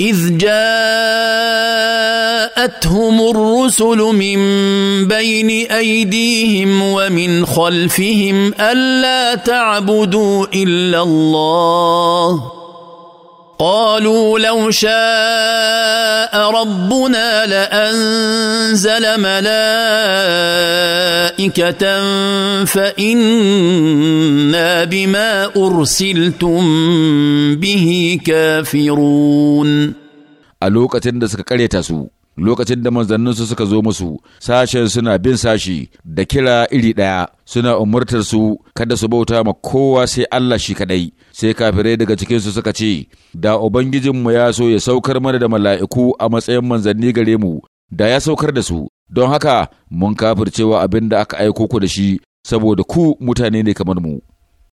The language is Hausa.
اذ جاءتهم الرسل من بين ايديهم ومن خلفهم الا تعبدوا الا الله قالوا لو شاء ربنا لانزل ملائكه فان إنا بما أرسلتم به كافرون a lokacin da suka karyata su lokacin da manzanninsu suka zo musu sashen suna bin sashi da kira iri ɗaya suna umartar su kada su bauta ma kowa sai Allah shi kaɗai. sai kafirai daga cikinsu suka ce da ubangijinmu ya so ya saukar mana da mala'iku a matsayin manzanni gare mu da ya saukar da su don haka mun kafircewa abin da aka aiko ku da shi saboda ku mutane ne kamar mu